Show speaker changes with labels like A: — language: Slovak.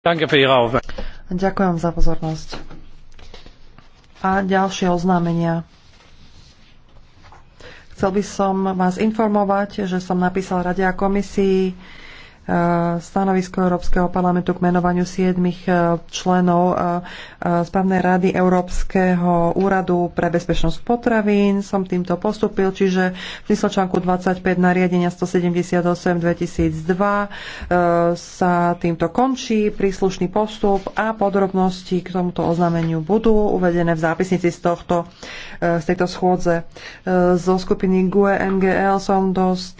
A: Ďakujem
B: za pozornosť. A ďalšie oznámenia. Chcel by som vás informovať, že som napísal Rade a komisii E, stanovisko Európskeho parlamentu k menovaniu siedmich e, členov e, správnej rady Európskeho úradu pre bezpečnosť potravín. Som týmto postupil, čiže v zmysle článku 25 nariadenia 178 2002 sa týmto končí príslušný postup a podrobnosti k tomuto oznámeniu budú uvedené v zápisnici z, tohto, z tejto schôdze. Zo skupiny GUE NGL som dosť